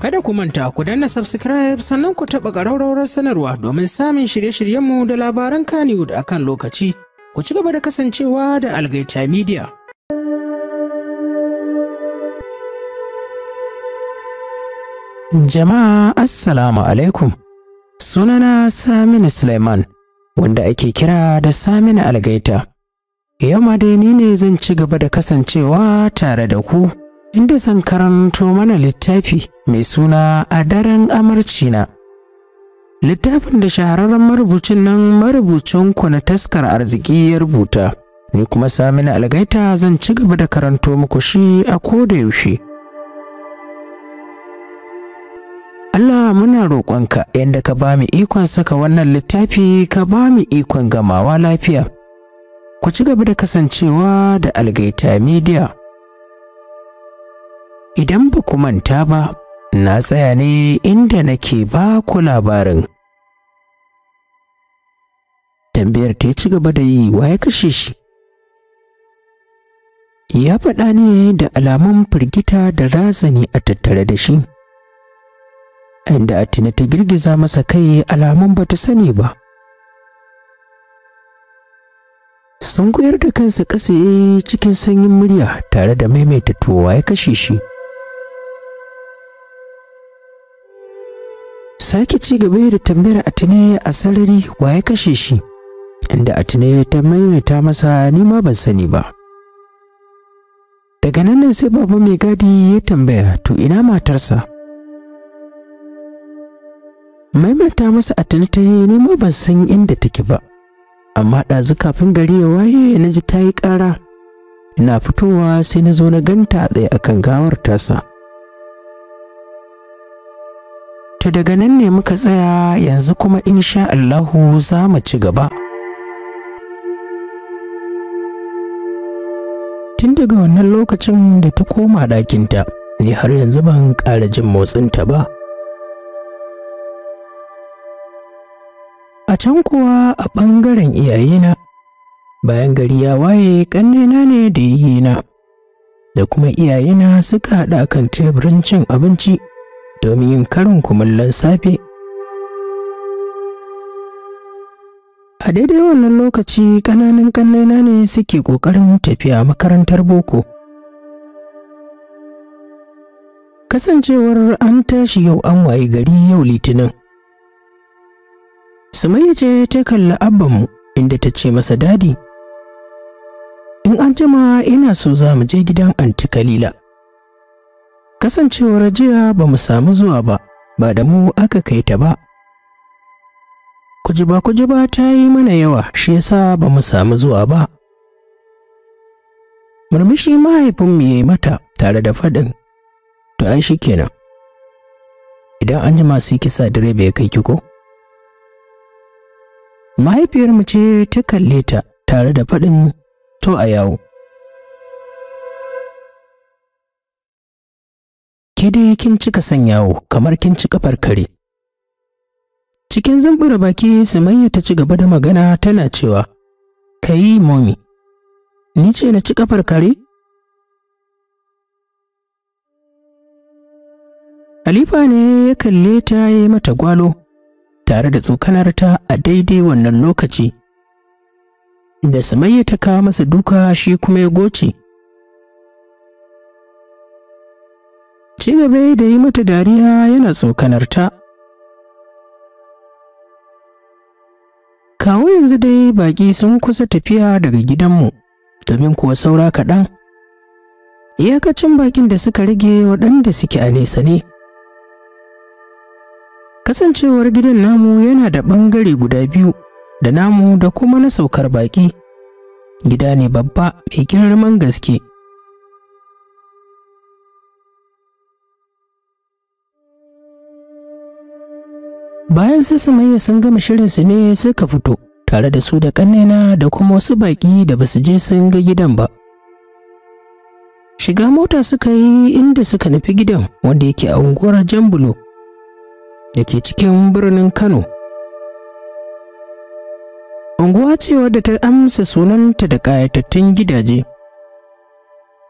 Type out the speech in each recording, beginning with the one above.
Kada ku manta ku danna subscribe sannan ku taɓa ƙararrawar sanarwa domin samun shirye-shiryenmu da labaran Kannywood a kan lokaci. Ku ci gaba da kasancewa da Algaita Media. Jama'a Assalamu alaikum. Sunana Saminu Suleiman, wanda ake kira da Saminu Algaita. Yau ma dai ni ne zan ci gaba da kasancewa tare da ku. inda zan karanto mana littafi mai suna a daren amarcina. Littafin da shahararren marubucin nan marubucinku na taskar arziki ya rubuta, ni kuma samina Algaita zan ci gaba da karanto muku shi a koda yaushe. Allah muna roƙonka yadda ka ba mu ikon saka wannan littafi ka ba mu ikon gamawa lafiya. Ku ci gaba da kasancewa da Algaita Media. Idan ba ku manta ba, na tsaya ne inda nake ba ku labarin. Tambayar ta ci gaba da yi wa ya kashe shi. Ya faɗa ne da alamun firgita da razani a tattare da shi. Inda Atina ta girgiza masa kai alamun ba ta sani ba. Sun koyar da kansa ƙasa cikin sanyin murya tare da maimaita towa ya kashe shi. sake ci gaba da tambayar Atinaya a sarari wa ya kashe shi inda Atinaya ta maimaita masa ni ma ban sani ba daga nan sai babu mai gadi ya tambaya to ina matarsa maimaita masa Atina ta yi ni ma ban san inda take ba amma ɗazu kafin gari ya waye na ji ta yi ƙara ina fitowa sai na zo na ganta a tsaye akan gawar tasa To daga nan ne muka tsaya yanzu kuma insha Allahu za mu ci gaba. Tun daga wannan lokacin da ta koma ɗakinta, ni har yanzu ban ƙara jin motsinta ba. A can kuwa a ɓangaren iyayena, bayan gari ya waye ƙannena ne da yi na da kuma iyayena suka haɗa kan teburin cin abinci. domin yin karin kumallon safe. A daidai wannan lokaci ƙananan ƙannena ne suke ƙoƙarin tafiya makarantar boko. Kasancewar an tashi yau an waye gari yau litinin. Sumayya ce ta kalli abbanmu inda ta ce masa dadi. In an jima ina so za mu je gidan anti Kasancewar jiya ba mu samu zuwa ba, ba da mu aka kai ta ba. Kujiba kujiba ta yi mana yawa shi yasa ba mu samu zuwa ba. Murmushi mahaifinmu ya yi mata tare da faɗin, to ai shi kenan. Idan an jima su kisa direba ya kai ki ko? Mahaifiyarmu ce ta kalle ta tare da faɗin to a yawo. ke dai kin cika sanyawo, kamar kin ci kafar kare cikin zumbura baki sumayya ta ci gaba da magana tana cewa kai momi ni ce na ci ƙafar kare Halifa ne ya kalle ta yi mata gwalo tare da tsokanar ta a daidai wannan lokaci. Da Sumayya ta kawo masa duka shi kuma ya goce. ci gaba da yi mata dariya yana ta. Kawo yanzu dai baƙi sun kusa tafiya daga gidanmu, domin kuwa saura kaɗan. Iyakacin baƙin da suka rage waɗanda suke a nesa ne. Kasancewar gidan namu yana da ɓangare guda biyu, da namu da kuma na saukar baƙi. Gida ne babba mai girman gaske. su sumayya sun gama shirinsu ne suka fito tare da su da ƙannena da kuma wasu baƙi da basu je sun ga gidan ba shiga mota suka yi inda suka nufi gidan wanda yake a unguwar jambulo da ke cikin birnin kano unguwa ce wadda ta amsa sunanta da ƙayatattun gidaje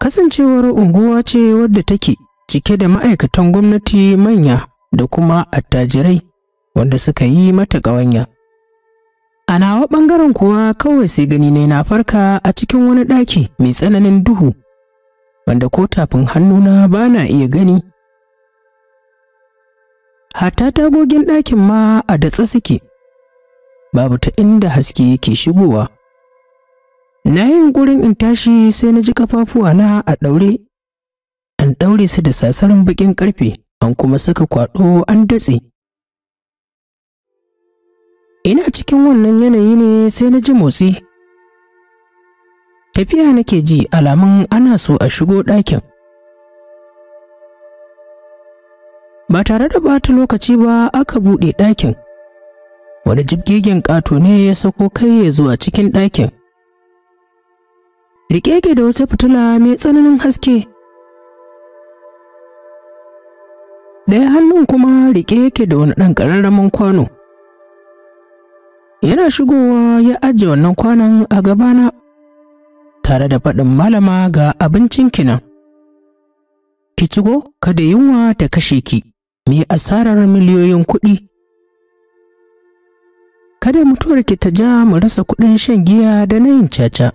kasancewar unguwa ce wadda take cike da ma'aikatan gwamnati manya da kuma attajirai wanda suka yi mata ƙawanya. A nawa ɓangaren kuwa kawai sai gani ne na farka a cikin wani ɗaki mai tsananin duhu, wanda ko tafin hannuna ba na iya gani. Hatta tagogin ɗakin ma a datsa suke, babu ta inda haske yake shigowa. Na yi yunƙurin in tashi sai na ji na a ɗaure, an ɗaure su da sasarin baƙin ƙarfe, an kuma saka kwaɗo an datse. ina cikin wannan yanayi ne sai na ji motsi tafiya nake ji alamun ana so a shigo ɗakin ba tare da bata lokaci ba aka buɗe ɗakin wani jibgigin ƙato ne ya sako kai ya zuwa cikin ɗakin riƙeƙe da wata fitila mai tsananin haske ɗaya hannun kuma riƙe yake da wani ɗan ƙararramin kwano yana shigowa ya ajiye wannan kwanan a gabana tare da faɗin malama ga abincin kinan ki cigo kada yunwa ta kashe ki mu asarar miliyoyin kuɗi kada mutuwar ki ta ja mu rasa kuɗin shan giya da na yin caca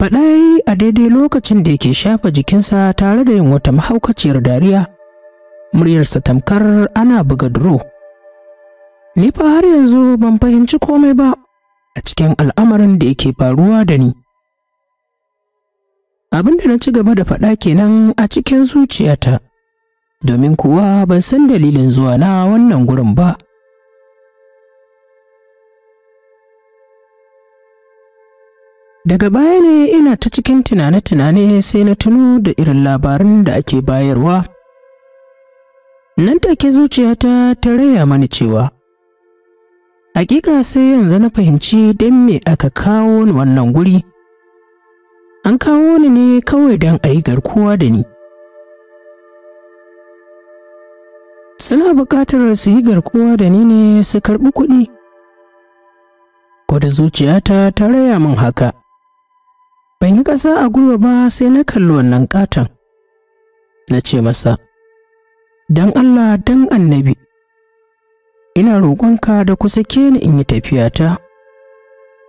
faɗa yi a daidai lokacin da yake shafa jikinsa tare da yin wata mahaukaciyar dariya muryarsa tamkar ana buga duro Ni fa har yanzu ban fahimci komai ba a cikin al'amarin da yake faruwa da ni. Abin da na ci gaba da faɗa kenan a cikin zuciyata, domin kuwa ban san dalilin zuwa na wannan gurin ba. Daga baya ne ina ta cikin tunane-tunane sai na tuno da irin labarin da ake bayarwa. Nan take zuciyata ta raya mani cewa Hakika sai yanzu na fahimci don me aka kawo ni wannan guri. An kawo ni ne kawai don a yi garkuwa da ni. Suna buƙatar su yi garkuwa da ni ne su karɓi kuɗi. Ko zuciyata ta raya min haka. Ban yi ƙasa a gwiwa ba sai na kalli wannan ƙaton. Na ce masa, Don Allah don annabi, ina roƙonka da kusa sake ni in yi tafiyata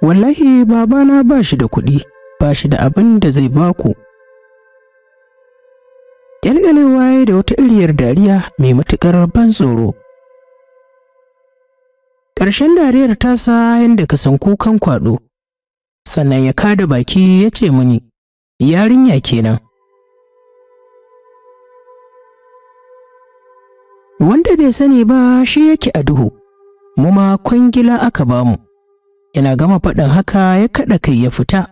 wallahi babana ba shi da kuɗi ba shi da abin da zai ba ku ya da wata iriyar dariya mai matuƙar ban tsoro ƙarshen dariyar ta sa yadda ka san kukan kwaɗo sannan ya kada baki ya ce mini yarinya kenan wanda bai sani ba shi yake a duhu mu ma kwangila aka bamu Ina gama faɗin haka ya kaɗa kai ya fita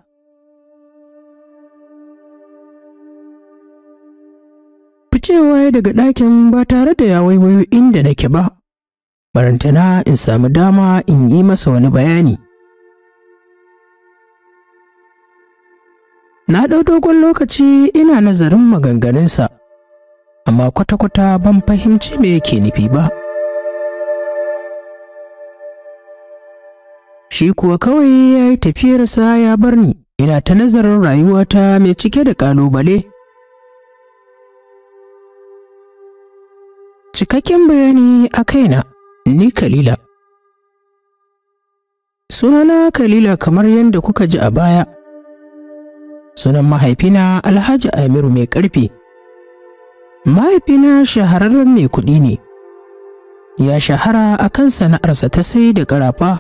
ficewa daga ɗakin ba tare da ya waiwayo inda nake ba barantana in samu dama in yi masa wani bayani na ɗau dogon lokaci ina nazarin maganganunsa amma kwata-kwata ban fahimci me yake nufi ba shi kuwa kawai ya yi tafiyarsa ya bar ni ina ta nazarin rayuwata mai cike da ƙalubale cikakken bayani a kaina ni kalila sunana kalila kamar yadda kuka ji a baya sunan mahaifina alhaji amiru mai ƙarfi Mahaifina shahararren mai kuɗi ne, ya shahara a kan sana'arsa ta sai da ƙarafa.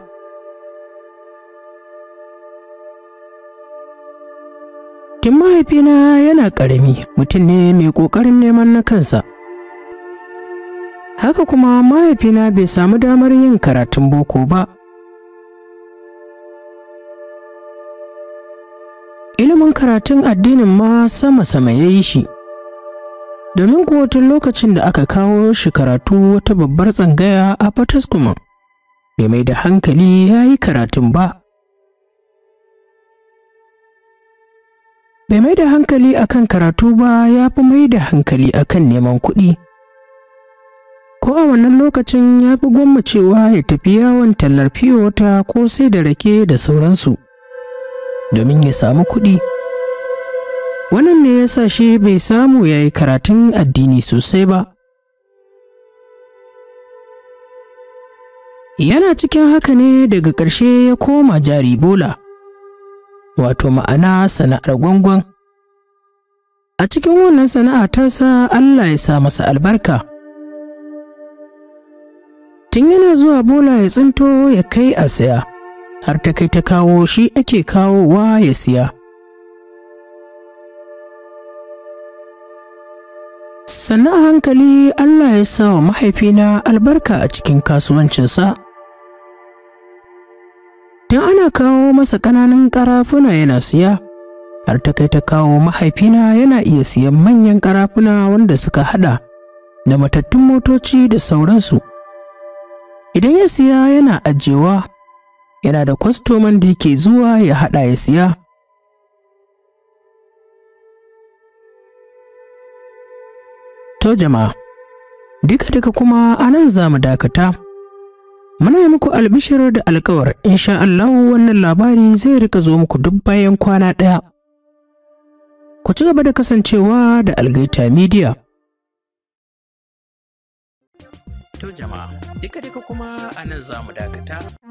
Tun mahaifina yana ƙarami mutum ne mai ƙoƙarin neman na kansa. Haka kuma mahaifina bai samu damar yin karatun boko ba. Ilimin karatun addinin ma sama-sama ya yi shi. domin kuwa tun lokacin da aka kawo shi karatu wata babbar tsangaya a Fataskuma. Bai mai da hankali ya yi karatun ba. Bai mai da hankali akan karatu ba ya fi mai da hankali akan neman kuɗi. Ko a wannan lokacin ya fi gwammacewa ya tafi yawon tallar fiye wata ko sai da rake da sauransu domin ya samu kuɗi. wannan ne ya sa shi bai samu ya yi karatun addini sosai ba yana cikin haka ne daga ƙarshe ya koma jari bola wato ma'ana sana'ar gwangwan a cikin wannan sana'a tasa allah ya sa masa albarka tun yana zuwa bola ya tsinto ya kai a siya har ta kai ta kawo shi ake kawowa ya siya sannan a hankali Allah ya sa wa mahaifina albarka a cikin kasuwancinsa. Tun ana kawo masa ƙananan ƙarafuna yana siya, har ta kai ta kawo mahaifina yana iya siyan manyan ƙarafuna wanda suka haɗa da matattun motoci da sauransu. Idan ya siya yana ajiyewa, yana da kwastoman da yake zuwa ya haɗa ya siya. jama'a. Duka-duka kuma a nan za mu dakata. Muna yi muku albishir da alkawar, sha Allah wannan labari zai rika zo muku duk bayan kwana ɗaya. Ku ci gaba da kasancewa da Algaita Media. To jama'a, duka-duka kuma a za mu dakata.